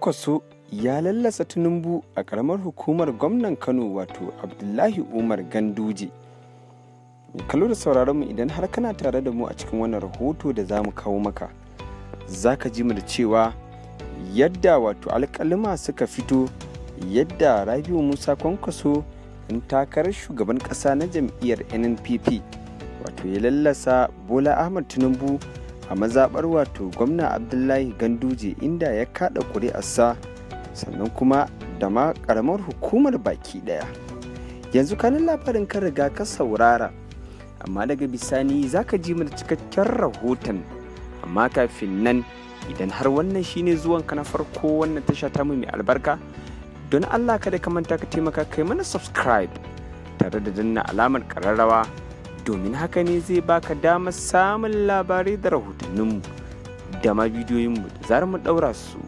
kwaso ya lallasa tinubu a karamar hukumar gwamnan kano wato abdullahi umar ganduje kalo da sauraron mu idan har kana tare da mu a cikin wannan rahoto da za mu kawo maka za ka ji mu da cewa yadda wato alkalima suka fito yadda rabiu musa kwankwaso in takarar shugaban ƙasa na jam'iyyar nnpp wato ya lallasa bola ahmad tinubu a mazaɓar wato gwamna abdullahi ganduje inda ya kaɗa sa, sannan kuma da ma ƙaramar hukumar baki ɗaya yanzu kanin labarin ka riga ka saurara amma daga bisani za ka ji mana cikakken rahoton amma kafin nan idan har wannan shine zuwan ka na farko wannan tasha ta mu mai albarka don allah kada ka manta ka taimaka kai mana subscribe tare da danna alamar ƙararrawa domin haka ne zai baka damar samun labarai da rahotanninmu da ma bidiyoyinmu da zarar mu daura su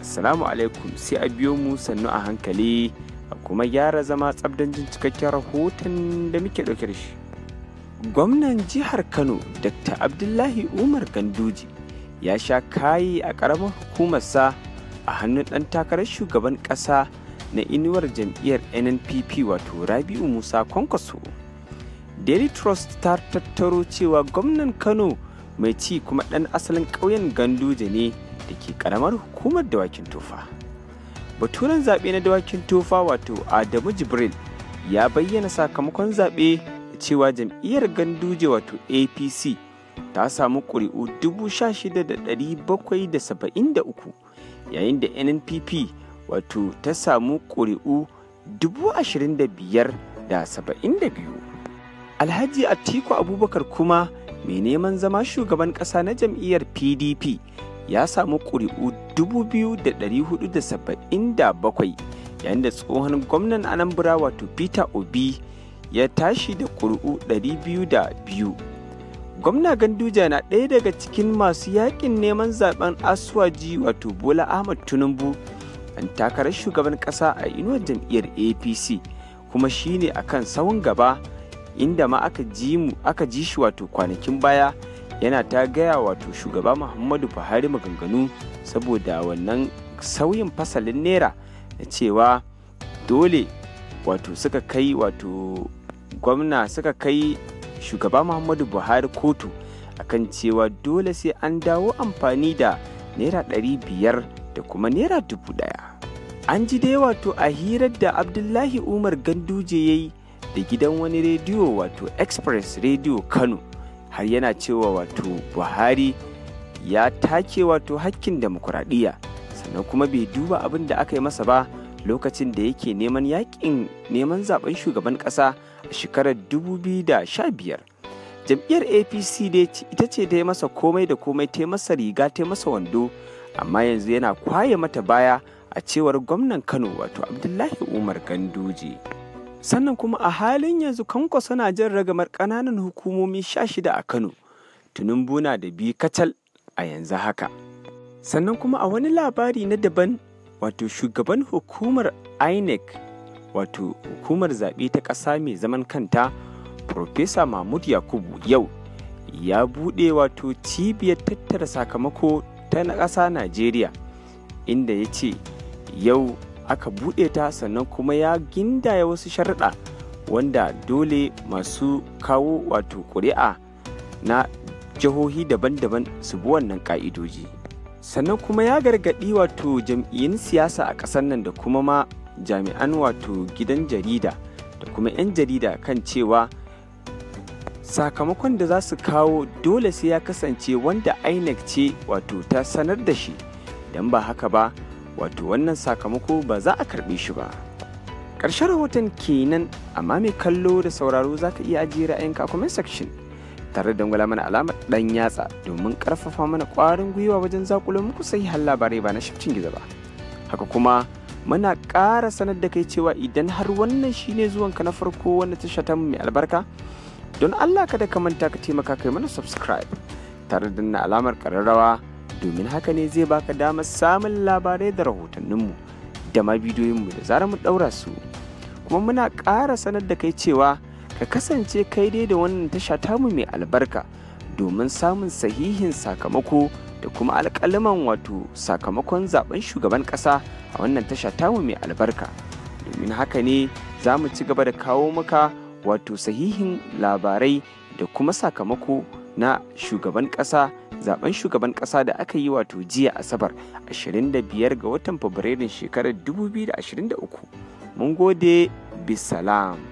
assalamu alaikum sai a biyo mu sannu a hankali a kuma gyara zama tsabdan jin cikakken rahoton da muke ɗaukar da shi gwamnan jihar kano dr abdullahi umar ganduji ya sha kayi a ƙaramar hukumarsa a hannun ɗan takarar shugaban ƙasa na inuwar jam'iyyar nnpp wato rabi'u musa kwankwaso daily trust ta tattaro cewa gwamnan kano mai ci kuma ɗan asalin ƙauyen ganduje ne da ke ƙaramar hukumar dawakin tufa. baturen zaɓe na dawakin tufa, wato adamu jibril ya bayyana sakamakon zaɓe da cewa jam'iyyar ganduje wato apc ta samu ƙuri'u 16,773 yayin da nnpp wato ta samu ƙuri'u da 25,072 alhaji atiku abubakar kuma mai neman zama shugaban ƙasa na jam'iyyar pdp ya samu ƙuri'u 2,477 yayin da tsohon gwamnan anambra wato peter obi ya tashi da ƙuri'u 202 gwamna ganduja na ɗaya daga cikin masu yakin neman zaben aswaji wato bola ahmad tinubu an takarar shugaban ƙasa a inuwar jam'iyyar apc kuma shine akan sawun gaba inda ma aka ji shi wato kwanakin baya yana ta gaya wato shugaba muhammadu buhari maganganu saboda wannan sauyin fasalin naira da cewa dole wato suka kai wato gwamna suka kai shugaba muhammadu buhari kotu akan cewa dole sai an dawo amfani da naira ɗari biyar da kuma naira dubu ɗaya. an ji dai wato a hirar da abdullahi umar ganduje ya yi da gidan wani rediyo wato express radio kano har yana cewa wato buhari ya take wato hakkin demokuraɗiyya sannan kuma bai duba abin da aka yi masa ba lokacin da yake neman yakin neman zaben shugaban ƙasa a shekarar 2015 jam'iyyar apc dai ita ce ta yi masa komai da komai ta yi masa riga ta yi masa wando amma yanzu yana kwaye mata baya a cewar gwamnan kano wato abdullahi umar ganduje. sannan kuma a halin yanzu kankwasa na jan ragamar ƙananan hukumomi sha shida a kano tunumbu na da biyu kacal a yanzu haka sannan kuma a wani labari na daban wato shugaban hukumar inec wato hukumar zaɓe ta ƙasa mai zaman kanta Profesa mahmud yakubu yau ya buɗe wato cibiyar tattara sakamako ta na ƙasa najeriya inda ya ce yau aka buɗe ta sannan kuma ya gindaya wasu sharaɗa wanda dole masu kawo wato ƙuri'a na jihohi daban-daban su bi wannan ƙa'idoji sannan kuma ya gargaɗi wato jam'iyyun siyasa a ƙasar nan da kuma ma jami'an wato gidan jarida da kuma 'yan jarida kan cewa sakamakon da za su kawo dole sai ya kasance wanda INEC ce wato ta sanar da shi don ba haka ba wato wannan sakamako ba za a karɓe shi ba ƙarshen rahoton kenan amma mai kallo da sauraro za ka iya ajiye ra'ayinka a comment section tare da dangwala mana alamar ɗan yatsa domin karfafa mana ƙwarin gwiwa wajen zakulo muku sahihan labarai ba na shafcin gizo ba haka kuma muna ƙara sanar da kai cewa idan har wannan shi shine zuwanka na farko wanda ta ta mai albarka don Allah kada ka manta ka taimaka kai mana subscribe tare da na alamar ƙararrawa domin haka ne zai baka damar samun labarai da rahotanninmu da ma bidiyoyinmu da zara mu ɗaura su kuma muna ƙara sanar da kai cewa ka kasance kai dai da wannan tasha tamu mai albarka domin samun sahihin sakamako da kuma alƙaliman wato sakamakon zaben shugaban ƙasa a wannan tasha tamu mai albarka domin haka ne za mu ci gaba da kawo maka wato sahihin labarai da kuma sakamako na shugaban ƙasa zaben shugaban kasa da aka yi wato jiya asabar 25 ga watan fabrairun shekarar 2023 mun gode bisalam